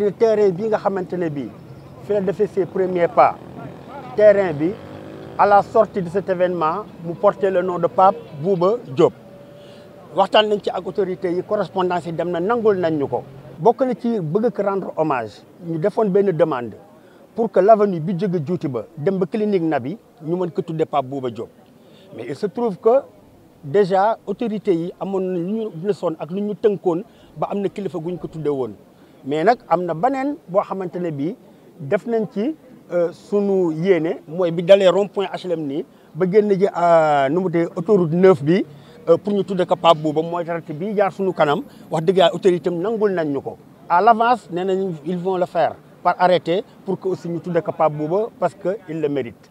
le terrain bi nga ses premiers pas terrain à la sortie de cet événement mu porter le nom de Pape Bouba Diop waxtaan nañ ci correspondance nangul rendre hommage Nous une demande pour que l'avenue de clinique Nabi Pape Bouba Diop mais il se trouve que déjà autorités mais nag am na beneen boo xamante ne bii def nañ ci euh, sunu yéene mooy bi dalee rond point HLM nii ba génn ji euh, nu mu dee autoroute 9 bi euh, pour ñu tudde ko Pape ba mooy traité bii jaar sunu kanam wax dëgg yàlla autorité am nangul nañ ñu ko. à l' avance nee nañ ils vont le faire par arrêté pour que aussi ñu tudde ko bu ba parce que il le mérite.